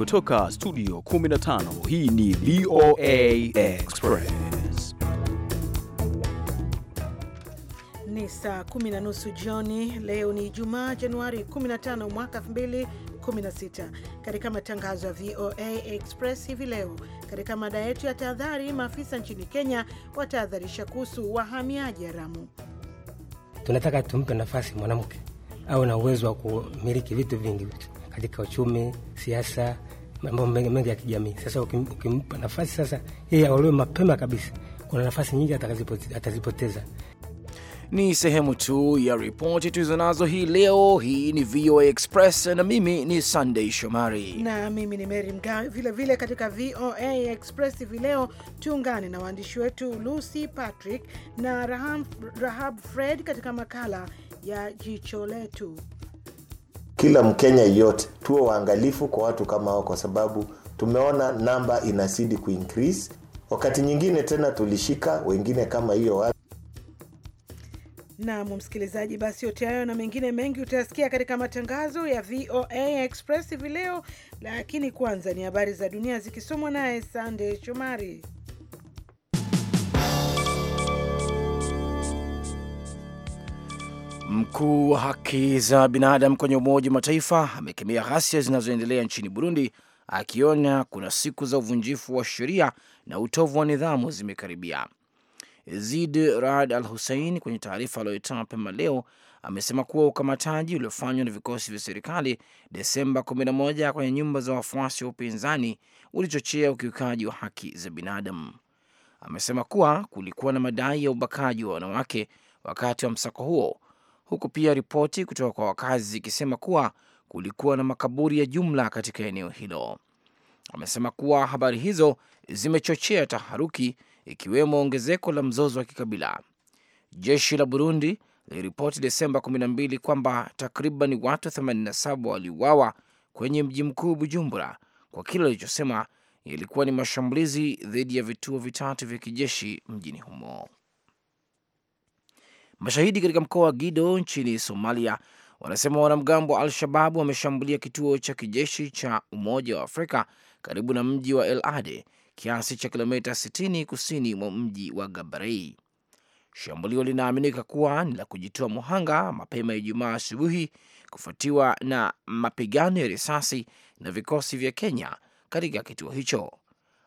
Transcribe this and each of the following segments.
Kutoka studio 15 hii ni VOA Express. Ni saa kumi na nusu jioni. Leo ni Ijumaa, Januari 15 mwaka 2016. Katika matangazo ya VOA Express hivi leo, katika mada yetu ya tahadhari, maafisa nchini Kenya watahadharisha kuhusu wahamiaji haramu. Tunataka tumpe nafasi mwanamke au na uwezo wa kumiliki vitu vingi katika uchumi, siasa mambo mengi ya kijamii. Sasa ukimpa nafasi sasa yeye aolewe mapema kabisa, kuna nafasi nyingi atazipoteza. Ni sehemu tu ya ripoti tulizo nazo hii leo. Hii ni VOA Express na mimi ni Sunday Shomari na mimi ni Mary Mgawe. Vilevile katika VOA Express hivi leo tuungane na waandishi wetu Lucy Patrick na Rahab, Rahab Fred katika makala ya jicho letu kila Mkenya yote tuwe waangalifu kwa watu kama hao, kwa sababu tumeona namba inazidi kuinkris Wakati nyingine tena tulishika wengine kama hiyo watu Nam msikilizaji, basi yote hayo na mengine mengi utayasikia katika matangazo ya VOA Express hivi leo, lakini kwanza ni habari za dunia zikisomwa naye Sande Shomari. Mkuu wa haki za binadamu kwenye Umoja wa Mataifa amekemea ghasia zinazoendelea nchini Burundi, akiona kuna siku za uvunjifu wa sheria na utovu wa nidhamu zimekaribia. Zid rad Al Hussein kwenye taarifa aliyoitoa mapema leo amesema kuwa ukamataji uliofanywa na vikosi vya serikali Desemba 11 kwenye nyumba za wafuasi wa upinzani ulichochea ukiukaji wa haki za binadamu. Amesema kuwa kulikuwa na madai ya ubakaji wa wanawake wakati wa msako huo huku pia ripoti kutoka kwa wakazi zikisema kuwa kulikuwa na makaburi ya jumla katika eneo hilo. Amesema kuwa habari hizo zimechochea taharuki, ikiwemo ongezeko la mzozo wa kikabila. Jeshi la Burundi liliripoti Desemba 12 kwamba takriban watu 87 waliuawa kwenye mji mkuu Bujumbura kwa kile alichosema yalikuwa ni mashambulizi dhidi ya vituo vitatu vya kijeshi mjini humo. Mashahidi katika mkoa wa gido nchini Somalia wanasema wanamgambo wa Al-Shababu wameshambulia kituo cha kijeshi cha Umoja wa Afrika karibu na mji wa El Ade, kiasi cha kilomita 60 kusini mwa mji wa Gabarei. Shambulio linaaminika kuwa ni la kujitoa muhanga mapema Ijumaa asubuhi kufuatiwa na mapigano ya risasi na vikosi vya Kenya katika kituo hicho.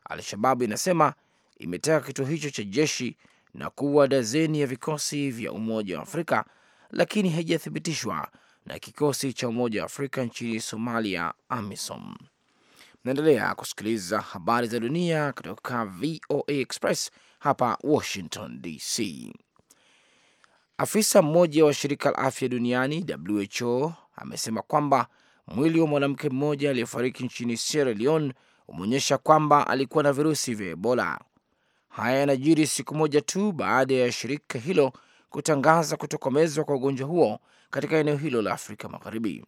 Al-Shababu inasema imeteka kituo hicho cha jeshi na kuwa dazeni ya vikosi vya Umoja wa Afrika, lakini haijathibitishwa na kikosi cha Umoja wa Afrika nchini Somalia, AMISOM. Naendelea kusikiliza habari za dunia kutoka VOA Express hapa Washington DC. Afisa mmoja wa shirika la afya duniani WHO amesema kwamba mwili wa mwanamke mmoja aliyefariki nchini Sierra Leone umeonyesha kwamba alikuwa na virusi vya Ebola. Haya yanajiri siku moja tu baada ya shirika hilo kutangaza kutokomezwa kwa ugonjwa huo katika eneo hilo la Afrika Magharibi.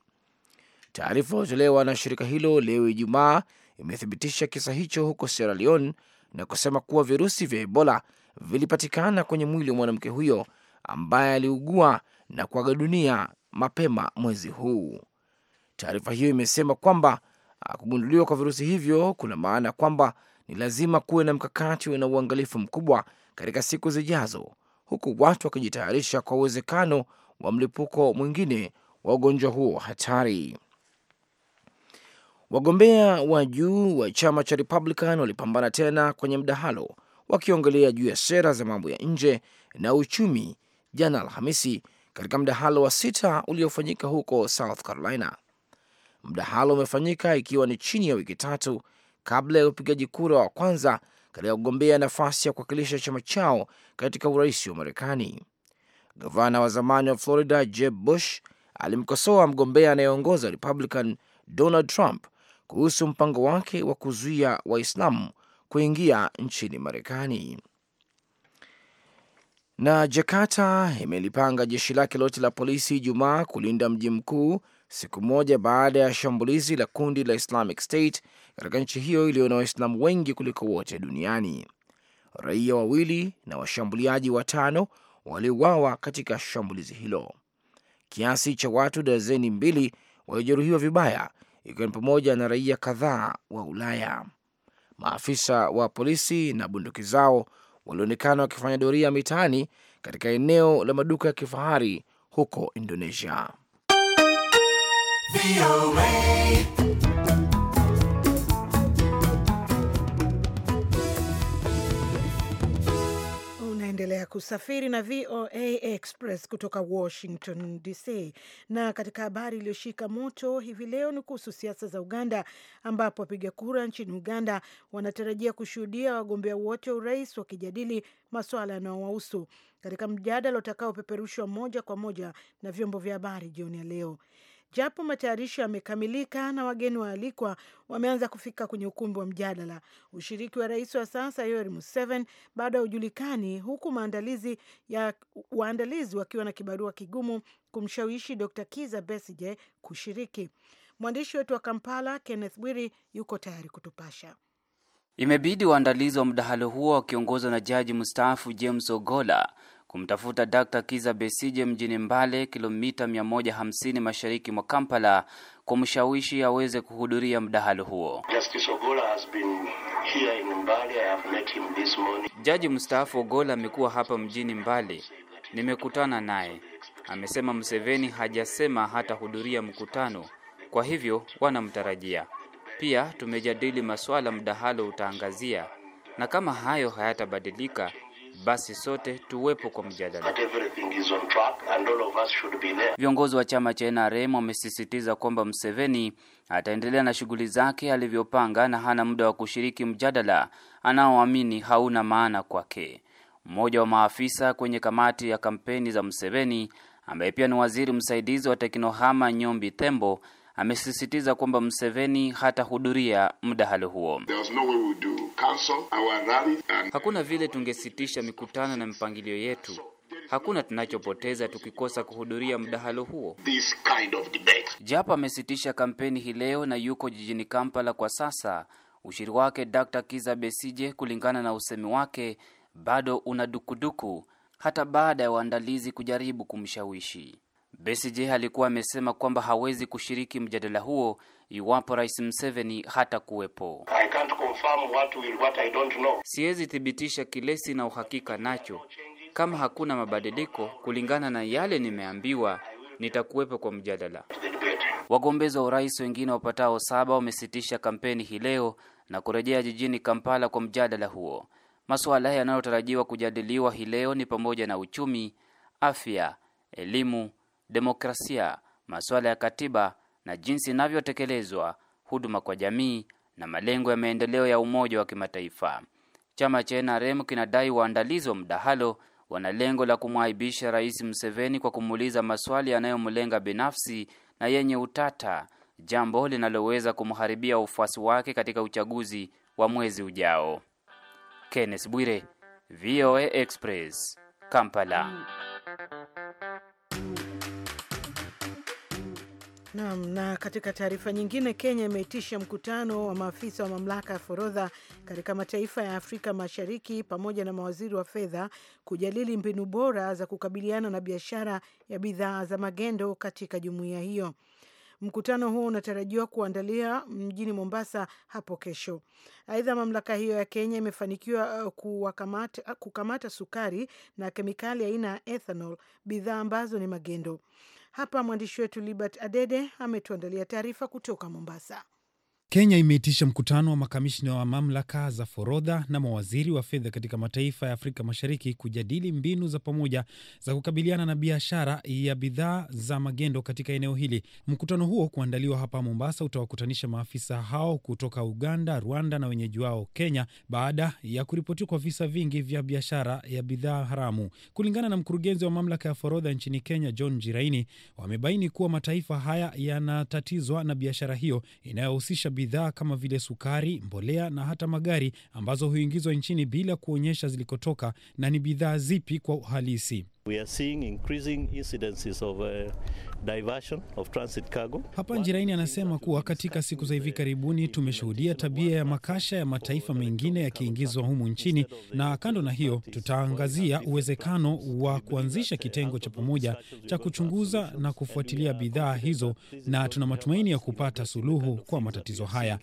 Taarifa iliyotolewa na shirika hilo leo Ijumaa imethibitisha kisa hicho huko Sierra Leone na kusema kuwa virusi vya Ebola vilipatikana kwenye mwili wa mwanamke huyo ambaye aliugua na kuaga dunia mapema mwezi huu. Taarifa hiyo imesema kwamba kugunduliwa kwa virusi hivyo kuna maana kwamba ni lazima kuwe na mkakati na uangalifu mkubwa katika siku zijazo, huku watu wakijitayarisha kwa uwezekano wa mlipuko mwingine wa ugonjwa huo hatari. Wagombea wa juu wa chama cha Republican walipambana tena kwenye mdahalo wakiongelea juu ya sera za mambo ya nje na uchumi jana Alhamisi, katika mdahalo wa sita uliofanyika huko South Carolina. Mdahalo umefanyika ikiwa ni chini ya wiki tatu kabla ya upigaji kura wa kwanza katika kugombea nafasi ya kuwakilisha chama chao katika urais wa Marekani. Gavana wa zamani wa Florida Jeb Bush alimkosoa mgombea anayeongoza Republican Donald Trump kuhusu mpango wake wa kuzuia Waislamu kuingia nchini Marekani. Na Jakarta imelipanga jeshi lake lote la polisi Ijumaa kulinda mji mkuu siku moja baada ya shambulizi la kundi la Islamic State katika nchi hiyo iliyo na Waislamu wengi kuliko wote duniani. Raia wawili na washambuliaji watano waliuawa katika shambulizi hilo. Kiasi cha watu dazeni mbili waliojeruhiwa vibaya, ikiwa ni pamoja na raia kadhaa wa Ulaya. Maafisa wa polisi na bunduki zao walionekana wakifanya doria mitaani katika eneo la maduka ya kifahari huko Indonesia. kusafiri na VOA Express kutoka Washington DC. Na katika habari iliyoshika moto hivi leo ni kuhusu siasa za Uganda, ambapo wapiga kura nchini Uganda wanatarajia kushuhudia wagombea wote wa urais wakijadili masuala yanayowahusu katika mjadala utakaopeperushwa moja kwa moja na vyombo vya habari jioni ya leo. Japo matayarisho yamekamilika na wageni waalikwa wameanza kufika kwenye ukumbi wa mjadala, ushiriki wa rais wa sasa Yoweri Museveni bado haujulikani, huku maandalizi ya waandalizi wakiwa na kibarua kigumu kumshawishi Dr. Kiza Besige kushiriki. Mwandishi wetu wa Kampala Kenneth Bwiri yuko tayari kutupasha. Imebidi waandalizi wa mdahalo huo wakiongozwa na jaji mstaafu James Ogola kumtafuta Dr. Kiza Besije mjini Mbale, kilomita 150 mashariki mwa Kampala, kumshawishi aweze kuhudhuria mdahalo huo. Jaji mstaafu Ogola amekuwa hapa mjini Mbale, nimekutana naye. Amesema mseveni hajasema hatahudhuria mkutano, kwa hivyo wanamtarajia. Pia tumejadili masuala mdahalo utaangazia, na kama hayo hayatabadilika basi sote tuwepo kwa mjadala. Viongozi wa chama cha NRM wamesisitiza kwamba Mseveni ataendelea na shughuli zake alivyopanga na hana muda wa kushiriki mjadala anaoamini hauna maana kwake. Mmoja wa maafisa kwenye kamati ya kampeni za Mseveni ambaye pia ni waziri msaidizi wa teknohama Nyombi Thembo amesisitiza kwamba mseveni hatahudhuria mdahalo huo. Hakuna vile tungesitisha mikutano na mipangilio yetu. Hakuna tunachopoteza tukikosa kuhudhuria mdahalo huo. kind of Japo amesitisha kampeni hii leo na yuko jijini Kampala kwa sasa, ushiri wake Dr. Kiza Besije, kulingana na usemi wake, bado una dukuduku hata baada ya waandalizi kujaribu kumshawishi. Besigye alikuwa amesema kwamba hawezi kushiriki mjadala huo iwapo Rais Museveni hata kuwepo. Siwezi thibitisha kile sina uhakika nacho. Kama hakuna mabadiliko kulingana na yale nimeambiwa, nitakuwepo kwa mjadala. Wagombezi wa urais wengine wapatao saba wamesitisha kampeni hii leo na kurejea jijini Kampala kwa mjadala huo. Masuala yanayotarajiwa kujadiliwa hii leo ni pamoja na uchumi, afya, elimu demokrasia, masuala ya katiba na jinsi inavyotekelezwa, huduma kwa jamii na malengo ya maendeleo ya Umoja wa Kimataifa. Chama cha NRM kinadai waandalizi wa mdahalo wana lengo la kumwaibisha Rais Museveni kwa kumuuliza maswali yanayomlenga binafsi na yenye utata, jambo linaloweza kumharibia ufuasi wake katika uchaguzi wa mwezi ujao. Kenneth Bwire, VOA Express, Kampala. Naam, na katika taarifa nyingine, Kenya imeitisha mkutano wa maafisa wa mamlaka ya forodha katika mataifa ya Afrika Mashariki pamoja na mawaziri wa fedha kujadili mbinu bora za kukabiliana na biashara ya bidhaa za magendo katika jumuiya hiyo. Mkutano huo unatarajiwa kuandalia mjini Mombasa hapo kesho. Aidha, mamlaka hiyo ya Kenya imefanikiwa uh, kukamata sukari na kemikali aina ya ethanol, bidhaa ambazo ni magendo. Hapa mwandishi wetu Libert Adede ametuandalia taarifa kutoka Mombasa. Kenya imeitisha mkutano wa makamishna wa mamlaka za forodha na mawaziri wa fedha katika mataifa ya Afrika Mashariki kujadili mbinu za pamoja za kukabiliana na biashara ya bidhaa za magendo katika eneo hili. Mkutano huo kuandaliwa hapa Mombasa utawakutanisha maafisa hao kutoka Uganda, Rwanda na wenyeji wao Kenya, baada ya kuripotiwa kwa visa vingi vya biashara ya bidhaa haramu. Kulingana na mkurugenzi wa mamlaka ya forodha nchini Kenya, John Jiraini, wamebaini kuwa mataifa haya yanatatizwa na biashara hiyo inayohusisha bidhaa kama vile sukari, mbolea na hata magari ambazo huingizwa nchini bila kuonyesha zilikotoka na ni bidhaa zipi kwa uhalisi. We are seeing increasing incidences of uh, diversion of transit cargo. Hapa Njiraini anasema kuwa katika siku za hivi karibuni tumeshuhudia tabia ya makasha ya mataifa mengine yakiingizwa humu nchini, na kando na hiyo tutaangazia uwezekano wa kuanzisha kitengo cha pamoja cha kuchunguza na kufuatilia bidhaa hizo, na tuna matumaini ya kupata suluhu kwa matatizo haya.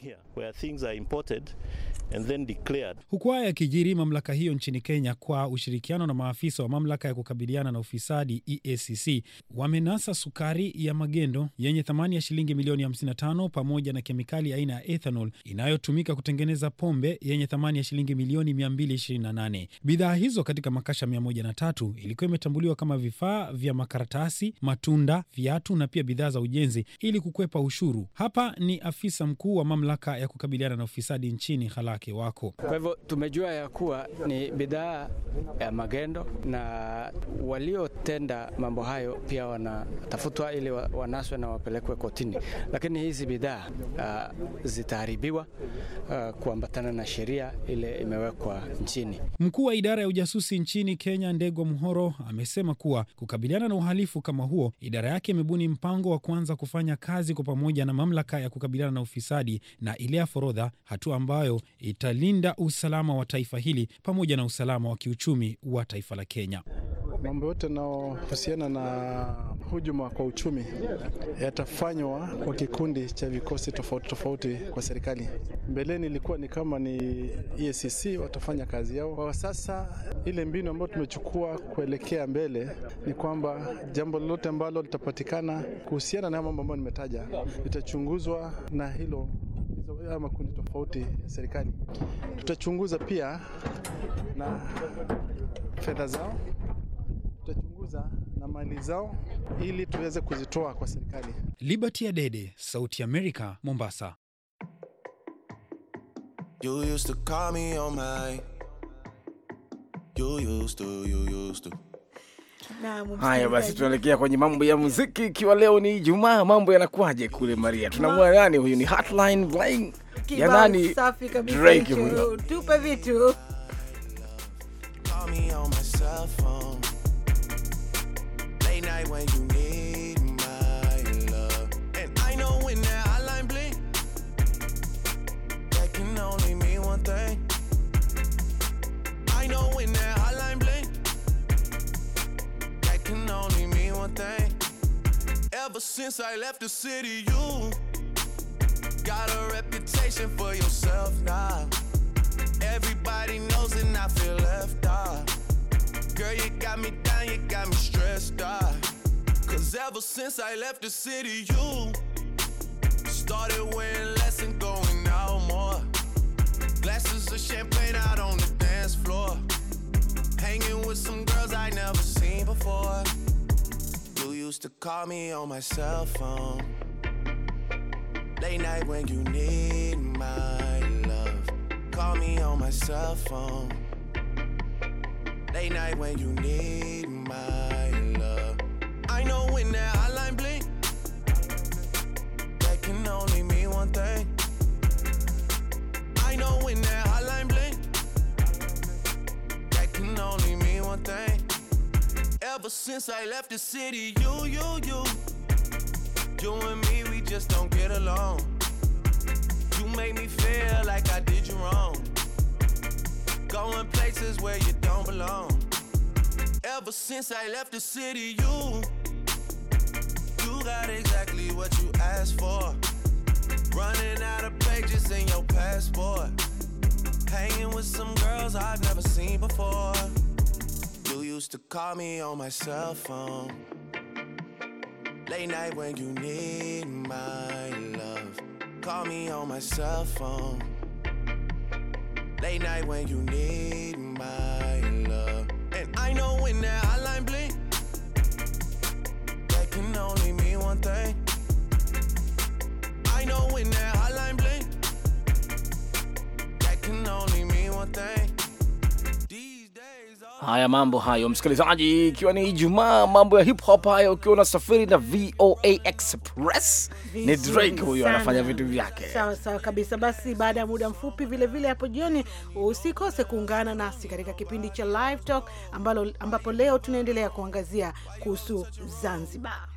Huku haya yakijiri, mamlaka hiyo nchini Kenya kwa ushirikiano na maafisa wa mamlaka ya kukabili kukabiliana na ufisadi EACC wamenasa sukari ya magendo yenye thamani ya shilingi milioni 55 pamoja na kemikali aina ya ethanol inayotumika kutengeneza pombe yenye thamani ya shilingi milioni 228. Bidhaa hizo katika makasha 103 ilikuwa imetambuliwa kama vifaa vya makaratasi, matunda, viatu na pia bidhaa za ujenzi ili kukwepa ushuru. Hapa ni afisa mkuu wa mamlaka ya kukabiliana na ufisadi nchini Halake Wako. Kwa hivyo tumejua ya kuwa ni bidhaa ya magendo na waliotenda mambo hayo pia wanatafutwa ili wanaswe na wapelekwe kotini, lakini hizi bidhaa uh, zitaharibiwa uh, kuambatana na sheria ile imewekwa nchini. Mkuu wa idara ya ujasusi nchini Kenya, Ndegwa Mhoro, amesema kuwa kukabiliana na uhalifu kama huo, idara yake imebuni mpango wa kuanza kufanya kazi kwa pamoja na mamlaka ya kukabiliana na ufisadi na ile ya forodha, hatua ambayo italinda usalama wa taifa hili pamoja na usalama wa kiuchumi wa taifa la Kenya mambo yote yanayohusiana na hujuma kwa uchumi yatafanywa kwa kikundi cha vikosi tofauti tofauti kwa serikali. Mbeleni ilikuwa ni kama ni EACC watafanya kazi yao. Kwa sasa ile mbinu ambayo tumechukua kuelekea mbele ni kwamba jambo lolote ambalo litapatikana kuhusiana na mambo ambayo nimetaja litachunguzwa na hilo ya makundi tofauti ya serikali. Tutachunguza pia na fedha zao kucheza na mali zao ili tuweze kuzitoa kwa serikali. Liberty Adede, Sauti ya Amerika, Mombasa. You used to call me on my You used to, you used to. Haya basi, tunaelekea kwenye mambo ya muziki, ikiwa leo ni Ijumaa. Mambo yanakuwaje kule Maria? Tunamua nani huyu? Ni hotline bling ya nani? Drake huyo, tupe vitu. Call me on my cell phone. when you need my love. And I know when that hotline blink, that can only mean one thing. I know when that hotline blink, that can only mean one thing. Ever since I left the city, you got a reputation for yourself now. Everybody knows and I feel left out. Girl, you got me down, you got me stressed out. Cause ever since I left the city, you started wearing less and going out more. Glasses of champagne out on the dance floor. Hanging with some girls I never seen before. You used to call me on my cell phone. Late night when you need my love. Call me on my cell phone. Late night when you need my since I left the city. You, you, you. You and me, we just don't get along. You make me feel like I did you wrong. Going places where you don't belong. Ever since I left the city, you. You got exactly what you asked for. Running out of pages in your passport. Hanging with some girls I've never seen before to call me on my cell phone. Late night when you need my love. Call me on my cell phone. Late night when you need my love. And I know when that Haya, mambo hayo msikilizaji, ikiwa ni Ijumaa, mambo ya hip hop hayo, ukiwa unasafiri na VOA Express. Ni Drake huyo anafanya vitu vyake sawa sawa kabisa. Basi baada ya muda mfupi vilevile hapo vile jioni, usikose kuungana nasi katika kipindi cha Live Talk ambalo ambapo leo tunaendelea kuangazia kuhusu Zanzibar.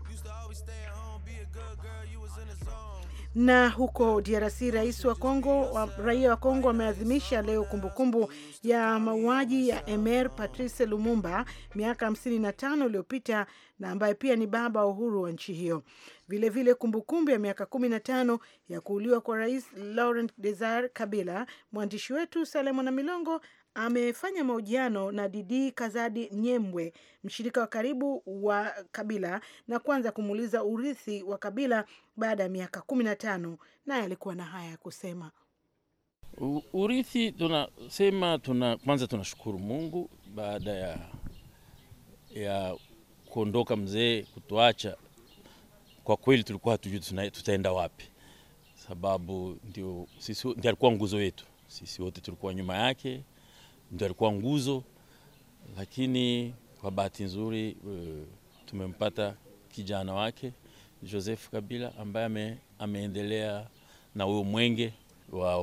Na huko DRC rais wa Kongo wa, raia wa Kongo wameadhimisha leo kumbukumbu kumbu ya mauaji ya Emer Patrice Lumumba miaka 55 iliyopita na ambaye pia ni baba wa uhuru wa nchi hiyo. Vilevile kumbukumbu ya miaka 15 ya kuuliwa kwa Rais Laurent Desire Kabila. Mwandishi wetu Salemo na Milongo amefanya mahojiano na Didi Kazadi Nyembwe, mshirika wa karibu wa Kabila, na kwanza kumuuliza urithi wa Kabila baada ya miaka kumi na tano, naye alikuwa na haya ya kusema. U, urithi tunasema tuna, kwanza tunashukuru Mungu baada ya, ya kuondoka mzee kutuacha. Kwa kweli tulikuwa hatujui tutaenda wapi, sababu ndio sisi, ndio alikuwa nguzo yetu sisi wote, tulikuwa nyuma yake ndio alikuwa nguzo, lakini kwa bahati nzuri uh, tumempata kijana wake Joseph Kabila ambaye ame, ameendelea na huyo mwenge wa,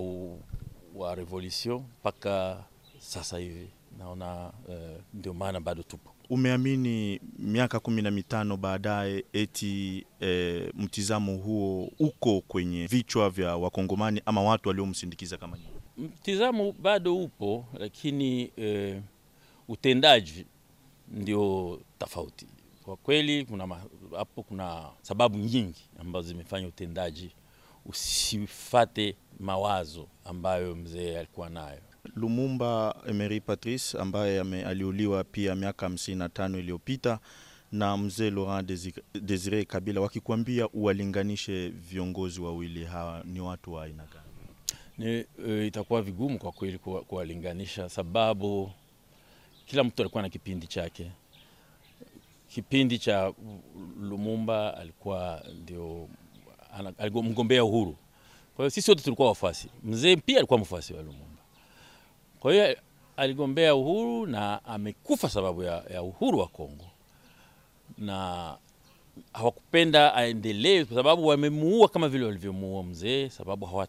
wa revolution mpaka sasa hivi naona uh, ndio maana bado tupo. Umeamini miaka kumi na mitano baadaye eti e, mtizamo huo uko kwenye vichwa vya Wakongomani ama watu waliomsindikiza kama nyinyi? Mtizamo bado upo, lakini e, utendaji ndio tofauti. Kwa kweli kuna hapo, kuna sababu nyingi ambazo zimefanya utendaji usifate mawazo ambayo mzee alikuwa nayo. Lumumba Emery Patrice ambaye aliuliwa pia miaka 55 iliyopita na mzee Laurent Desire Kabila, wakikwambia uwalinganishe viongozi wawili hawa, ni watu wa aina gani? ni uh, itakuwa vigumu kwa kweli kuwalinganisha, sababu kila mtu alikuwa na kipindi chake. Kipindi cha Lumumba alikuwa ndio mgombea uhuru, kwa hiyo sisi wote tulikuwa wafuasi. Mzee pia alikuwa mfuasi wa Lumumba, kwa hiyo aligombea uhuru na amekufa sababu ya, ya uhuru wa Kongo, na hawakupenda aendelee kwa sababu wamemuua kama vile walivyomuua mzee, sababu hawa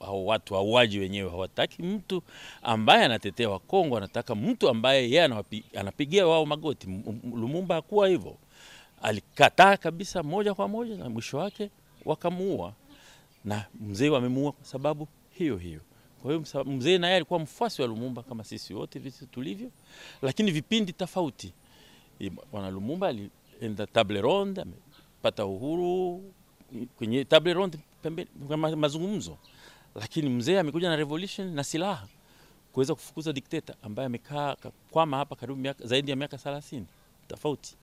hao watu hauaji wenyewe hawataki mtu ambaye anatetea Wakongo, anataka mtu ambaye yeye anapigia wao magoti. Lumumba hakuwa hivyo, alikataa kabisa moja kwa moja, na mwisho wake wakamuua, na mzee wamemuua kwa sababu hiyo hiyo. Kwa hiyo mzee naye alikuwa mfuasi wa Lumumba kama sisi wote visi tulivyo, lakini vipindi tofauti. Bwana Lumumba alienda table ronde, amepata uhuru kwenye table ronde, pembeni mazungumzo lakini mzee amekuja na revolution na silaha kuweza kufukuza dikteta ambaye amekaa kwama hapa karibu miaka, zaidi ya miaka thelathini tofauti.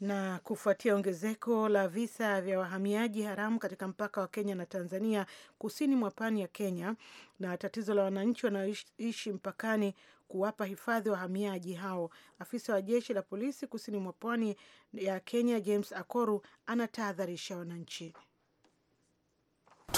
Na kufuatia ongezeko la visa vya wahamiaji haramu katika mpaka wa Kenya na Tanzania kusini mwa pwani ya Kenya na tatizo la wananchi wanaoishi mpakani kuwapa hifadhi wahamiaji hao, afisa wa jeshi la polisi kusini mwa pwani ya Kenya James Akoru anatahadharisha wananchi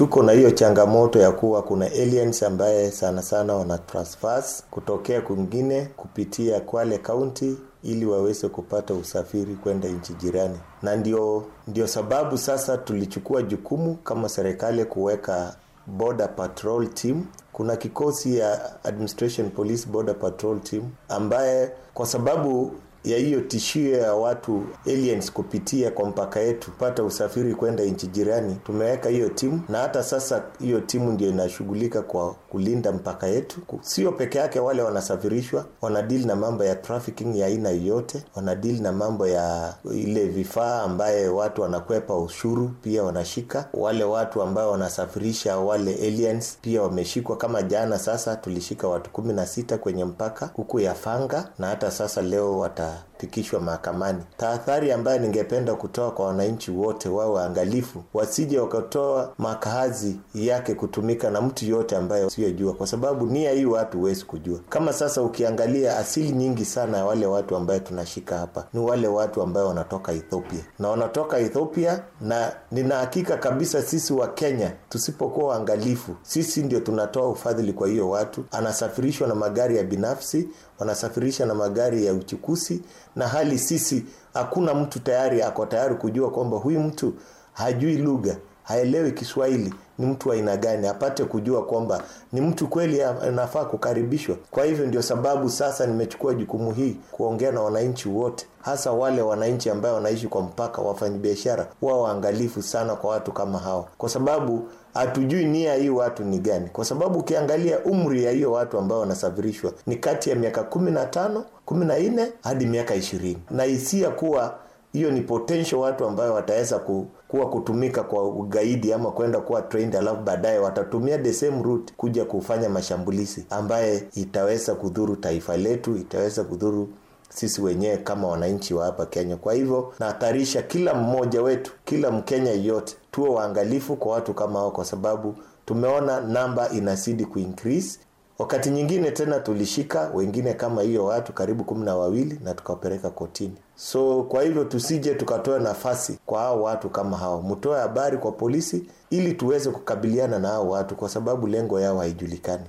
tuko na hiyo changamoto ya kuwa kuna aliens ambaye sana sana wana transfers kutokea kwingine kupitia Kwale kaunti ili waweze kupata usafiri kwenda nchi jirani, na ndio, ndio sababu sasa tulichukua jukumu kama serikali kuweka border patrol team. Kuna kikosi ya administration police border patrol team ambaye kwa sababu ya hiyo tishio ya watu aliens kupitia kwa mpaka yetu pata usafiri kwenda nchi jirani, tumeweka hiyo timu, na hata sasa hiyo timu ndio inashughulika kwa kulinda mpaka yetu. Sio peke yake, wale wanasafirishwa wanadili na mambo ya trafficking ya aina yoyote, wanadili na mambo ya ile vifaa ambaye watu wanakwepa ushuru, pia wanashika wale watu ambao wanasafirisha wale aliens, pia wameshikwa. Kama jana sasa tulishika watu kumi na sita kwenye mpaka huku yafanga na hata sasa leo wata 것이다. 어. kufikishwa mahakamani. Tahadhari ambayo ningependa kutoa kwa wananchi wote, wao waangalifu, wasije wakatoa makazi yake kutumika na mtu yote ambaye usiyojua, kwa sababu nia hii watu huwezi kujua. Kama sasa ukiangalia asili nyingi sana ya wale watu ambaye tunashika hapa ni wale watu ambayo wanatoka Ethiopia na wanatoka Ethiopia, na nina hakika kabisa sisi wa Kenya tusipokuwa waangalifu, sisi ndio tunatoa ufadhili kwa hiyo watu. Anasafirishwa na magari ya binafsi, wanasafirisha na magari ya uchukuzi na hali sisi hakuna mtu tayari ako tayari kujua kwamba huyu mtu hajui lugha haelewi Kiswahili ni mtu wa aina gani, apate kujua kwamba ni mtu kweli anafaa kukaribishwa. Kwa hivyo ndio sababu sasa nimechukua jukumu hii kuongea na wananchi wote, hasa wale wananchi ambao wanaishi kwa mpaka. Wafanyabiashara wao waangalifu sana kwa watu kama hao, kwa sababu hatujui nia hii watu ni gani, kwa sababu ukiangalia umri ya hiyo watu ambao wanasafirishwa ni kati ya miaka kumi na tano kumi na nne hadi miaka ishirini na hisia kuwa hiyo ni potential watu ambayo wataweza ku, kuwa kutumika kwa ugaidi ama kwenda kuwa trained, alafu baadaye watatumia the same route kuja kufanya mashambulizi ambaye itaweza kudhuru taifa letu, itaweza kudhuru sisi wenyewe kama wananchi wa hapa Kenya. Kwa hivyo nahatarisha kila mmoja wetu, kila Mkenya yeyote tuwe waangalifu kwa watu kama hao, kwa sababu tumeona namba inazidi kuinkrisi Wakati nyingine tena tulishika wengine kama hiyo watu karibu kumi na wawili na tukawapeleka kotini. So kwa hivyo tusije tukatoa nafasi kwa hao watu kama hao, mtoe habari kwa polisi ili tuweze kukabiliana na hao watu, kwa sababu lengo yao haijulikani.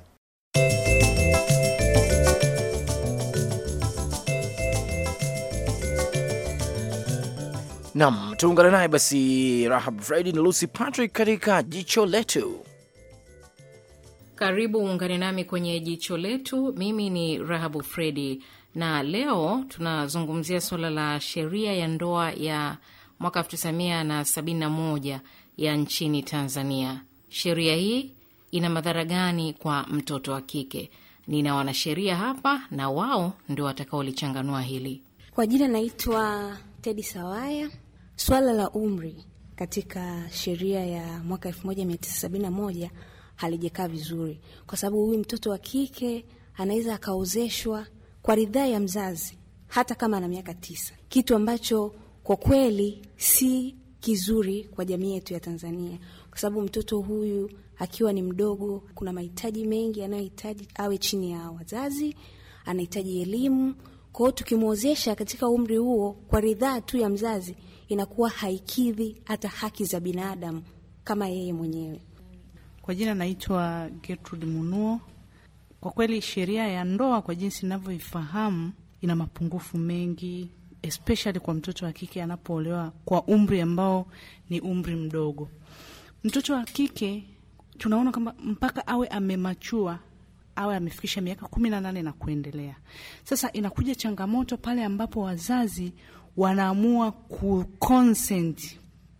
Nam, tuungane naye basi Rahab Fredi na Lucy Patrick katika jicho letu. Karibu uungane nami kwenye jicho letu. Mimi ni Rahabu Fredi na leo tunazungumzia suala la sheria ya ndoa ya mwaka 1971 ya nchini Tanzania. Sheria hii ina madhara gani kwa mtoto wa kike? Nina wanasheria hapa na wao ndio watakaolichanganua hili. Kwa jina naitwa Tedi Sawaya. Swala la umri katika sheria ya mwaka 1971 halijakaa vizuri, kwa sababu huyu mtoto wa kike anaweza akaozeshwa kwa ridhaa ya mzazi hata kama ana miaka tisa, kitu ambacho kwa kweli si kizuri kwa jamii yetu ya Tanzania, kwa sababu mtoto huyu akiwa ni mdogo, kuna mahitaji mengi anayohitaji, awe chini ya wazazi, anahitaji elimu, kwao tukimwozesha katika umri huo kwa ridhaa tu ya mzazi, inakuwa haikidhi hata haki za binadamu kama yeye mwenyewe. Kwa jina naitwa gertrud Munuo. Kwa kweli sheria ya ndoa kwa jinsi inavyoifahamu ina mapungufu mengi, especially kwa mtoto wa kike anapoolewa kwa umri ambao ni umri mdogo. Mtoto wa kike tunaona kwamba mpaka awe amemachua awe amefikisha miaka kumi na nane na kuendelea. Sasa inakuja changamoto pale ambapo wazazi wanaamua ku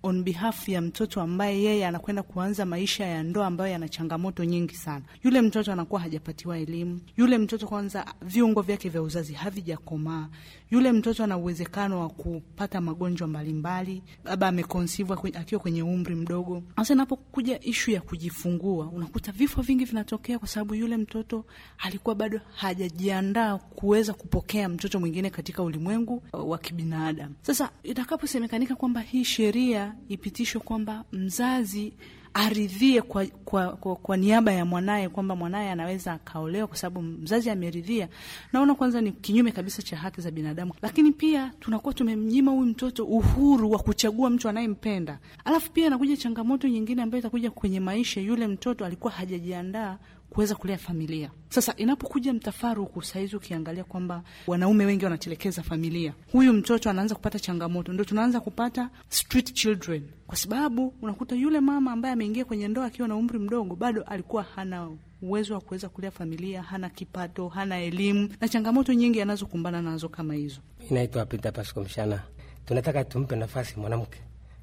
on behalf ya mtoto ambaye yeye anakwenda kuanza maisha ya ndoa ambayo yana changamoto nyingi sana. Yule mtoto anakuwa hajapatiwa elimu. Yule mtoto kwanza, viungo vyake vya uzazi havijakomaa. Yule mtoto ana uwezekano wa kupata magonjwa mbalimbali, labda amekonsiva akiwa kwenye umri mdogo. Sasa inapokuja ishu ya kujifungua, unakuta vifo vingi vinatokea kwa sababu yule mtoto alikuwa bado hajajiandaa kuweza kupokea mtoto mwingine katika ulimwengu uh, wa kibinadamu. Sasa itakaposemekanika kwamba hii sheria ipitishwe kwamba mzazi aridhie kwa, kwa, kwa, kwa niaba ya mwanaye kwamba mwanaye anaweza akaolewa kwa sababu mzazi ameridhia, naona kwanza ni kinyume kabisa cha haki za binadamu. Lakini pia tunakuwa tumemnyima huyu mtoto uhuru wa kuchagua mtu anayempenda. Alafu pia anakuja changamoto nyingine ambayo itakuja kwenye maisha, yule mtoto alikuwa hajajiandaa kuweza kulea familia. Sasa inapokuja mtafaruku sahizi, ukiangalia kwamba wanaume wengi wanatelekeza familia, huyu mtoto anaanza kupata changamoto, ndo tunaanza kupata street children, kwa sababu unakuta yule mama ambaye ameingia kwenye ndoa akiwa na umri mdogo, bado alikuwa hana uwezo wa kuweza kulea familia, hana kipato, hana elimu na changamoto nyingi anazokumbana nazo kama hizo. Inaitwa Pita Pasco Mshana. Tunataka tumpe nafasi mwanamke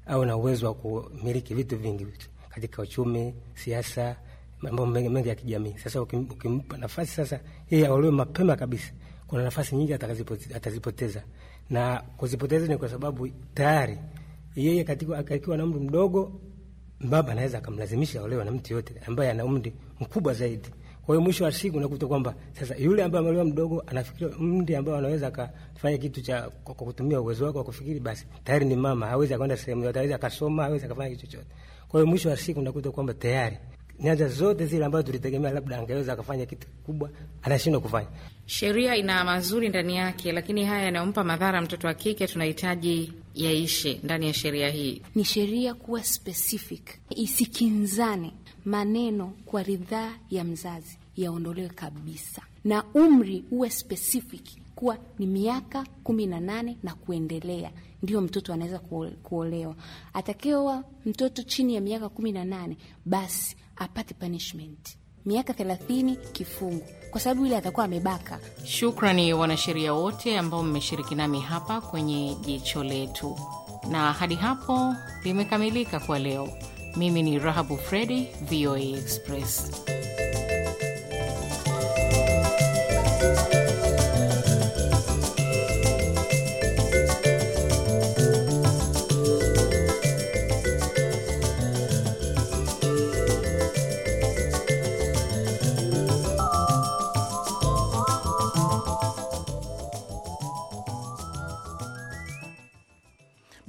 au na uwezo wa kumiliki vitu vingi, katika uchumi, siasa mambo mengi mengi ya kijamii. Sasa ukimpa nafasi sasa yeye aolewe mapema kabisa, kuna nafasi nyingi atazipoteza, na kuzipoteza ni kwa sababu tayari yeye akiwa na umri mdogo, baba anaweza akamlazimisha aolewe na mtu yote ambaye ana umri mkubwa zaidi. Kwa hiyo mwisho wa siku nakuta kwamba sasa yule ambaye ameolewa mdogo anafikiria mdi ambaye anaweza akafanya kitu cha kwa kutumia uwezo wake wa kufikiri, basi tayari ni mama, hawezi akaenda sehemu yote, hawezi akasoma, hawezi akafanya kitu chochote. Kwa hiyo mwisho wa siku nakuta kwamba tayari nyanja zote zile ambazo tulitegemea labda angeweza akafanya kitu kikubwa anashindwa kufanya. Sheria ina mazuri ndani yake, lakini haya yanayompa madhara mtoto wa kike tunahitaji yaishe ndani ya sheria hii. Ni sheria kuwa specific, isikinzane maneno kwa ridhaa ya mzazi yaondolewe kabisa na umri uwe specific kuwa ni miaka kumi na nane na kuendelea ndio mtoto anaweza kuolewa. Atakewa mtoto chini ya miaka kumi na nane basi apate punishment miaka thelathini kifungo, kwa sababu ile atakuwa amebaka. Shukrani wanasheria wote ambao mmeshiriki nami hapa kwenye jicho letu, na hadi hapo limekamilika kwa leo. Mimi ni Rahabu Fredi, VOA Express.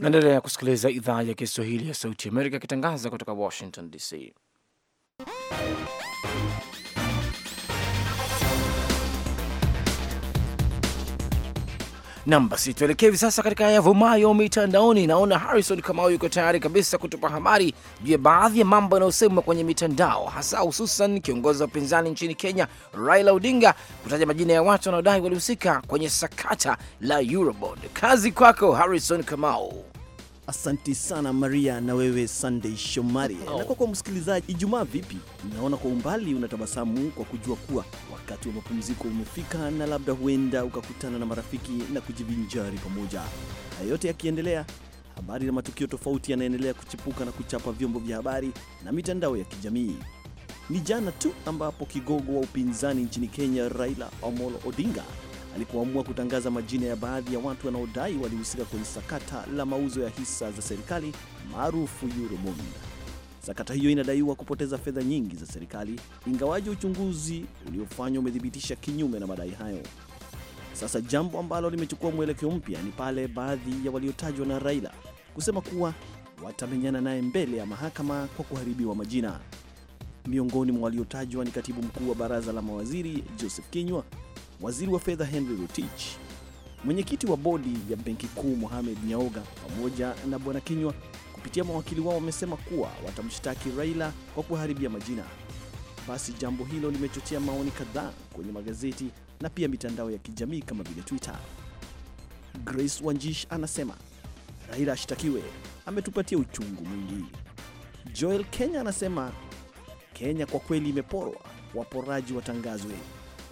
Naendelea kusikiliza idhaa ya Kiswahili ya Sauti Amerika ikitangaza kutoka Washington DC. Nam, basi tuelekee hivi sasa katika yavumayo mitandaoni. Naona Harrison Kamau yuko tayari kabisa kutupa habari juu ya baadhi ya mambo yanayosemwa kwenye mitandao, hasa hususan kiongozi wa upinzani nchini Kenya Raila Odinga kutaja majina ya watu wanaodai walihusika kwenye sakata la Eurobond. Kazi kwako Harrison Kamau. Asanti sana Maria na wewe Sunday Shomari. Oh. Na kwako msikilizaji, Ijumaa vipi? Naona kwa umbali unatabasamu kwa kujua kuwa wakati wa mapumziko umefika, na labda huenda ukakutana na marafiki na kujivinjari pamoja. Hayo yote yakiendelea, habari na matukio tofauti yanaendelea kuchipuka na kuchapa vyombo vya habari na mitandao ya kijamii. Ni jana tu ambapo kigogo wa upinzani nchini Kenya Raila Amolo Odinga alipoamua kutangaza majina ya baadhi ya watu wanaodai walihusika kwenye sakata la mauzo ya hisa za serikali maarufu Eurobond. Sakata hiyo inadaiwa kupoteza fedha nyingi za serikali, ingawaji uchunguzi uliofanywa umethibitisha kinyume na madai hayo. Sasa jambo ambalo limechukua mwelekeo mpya ni pale baadhi ya waliotajwa na Raila kusema kuwa watamenyana naye mbele ya mahakama kwa kuharibiwa majina. Miongoni mwa waliotajwa ni katibu mkuu wa baraza la mawaziri Joseph Kinyua waziri wa fedha Henry Rotich, mwenyekiti wa bodi ya benki kuu Mohamed Nyaoga pamoja na bwana Kinywa kupitia mawakili wao wamesema kuwa watamshtaki Raila kwa kuharibia majina. Basi jambo hilo limechochea maoni kadhaa kwenye magazeti na pia mitandao ya kijamii kama vile Twitter. Grace Wanjish anasema Raila ashtakiwe, ametupatia uchungu mwingi. Joel Kenya anasema Kenya kwa kweli imeporwa, waporaji watangazwe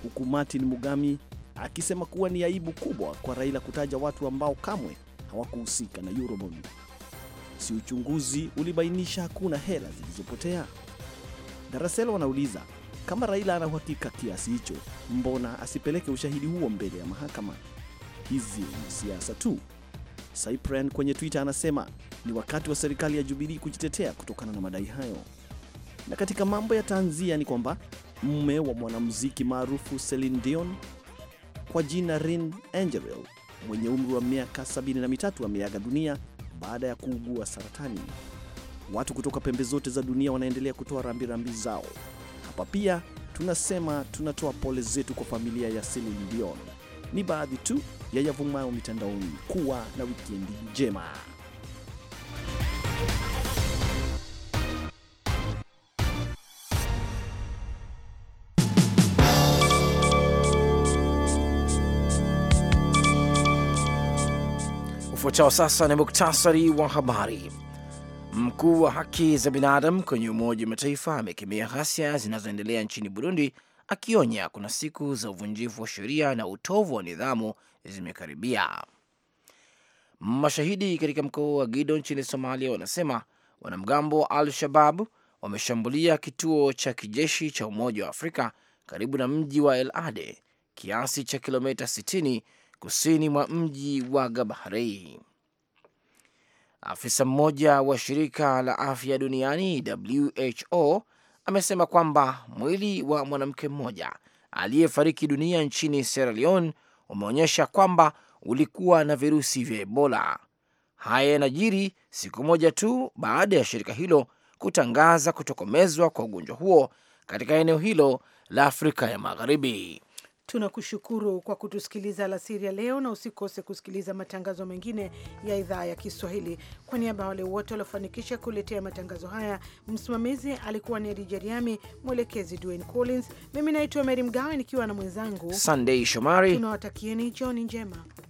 huku Martin Mugami akisema kuwa ni aibu kubwa kwa Raila kutaja watu ambao kamwe hawakuhusika na Eurobond. Si uchunguzi ulibainisha hakuna hela zilizopotea? Daraselo wanauliza kama Raila ana uhakika kiasi hicho, mbona asipeleke ushahidi huo mbele ya mahakama? Hizi ni siasa tu. Cyprian kwenye Twitter anasema ni wakati wa serikali ya Jubilee kujitetea kutokana na madai hayo. Na katika mambo ya tanzia ni kwamba mume wa mwanamuziki maarufu Celine Dion kwa jina Rin Angeral mwenye umri wa miaka 73 ameaga dunia baada ya kuugua saratani. Watu kutoka pembe zote za dunia wanaendelea kutoa rambirambi zao. Hapa pia tunasema tunatoa pole zetu kwa familia ya Celine Dion. Ni baadhi tu ya yavumayo mitandaoni. Kuwa na wikendi njema. Ufuatao sasa ni muktasari wa habari. Mkuu wa haki za binadamu kwenye Umoja wa Mataifa amekemea ghasia zinazoendelea nchini Burundi, akionya kuna siku za uvunjifu wa sheria na utovu wa nidhamu zimekaribia. Mashahidi katika mkoa wa gido nchini Somalia wanasema wanamgambo wa Al-Shabab wameshambulia kituo cha kijeshi cha Umoja wa Afrika karibu na mji wa El Ade, kiasi cha kilomita kusini mwa mji wa Gabahrei. Afisa mmoja wa shirika la afya duniani WHO amesema kwamba mwili wa mwanamke mmoja aliyefariki dunia nchini Sierra Leone umeonyesha kwamba ulikuwa na virusi vya Ebola. Haya yanajiri siku moja tu baada ya shirika hilo kutangaza kutokomezwa kwa ugonjwa huo katika eneo hilo la Afrika ya Magharibi. Tunakushukuru kwa kutusikiliza alasiri ya leo, na usikose kusikiliza matangazo mengine ya idhaa ya Kiswahili. Kwa niaba ya wale wote waliofanikisha kuletea matangazo haya, msimamizi alikuwa ni Adi Jeriami, mwelekezi Dwayne Collins, mimi naitwa Meri Mgawe nikiwa na mwenzangu Sandei Shomari. Tunawatakieni jioni njema.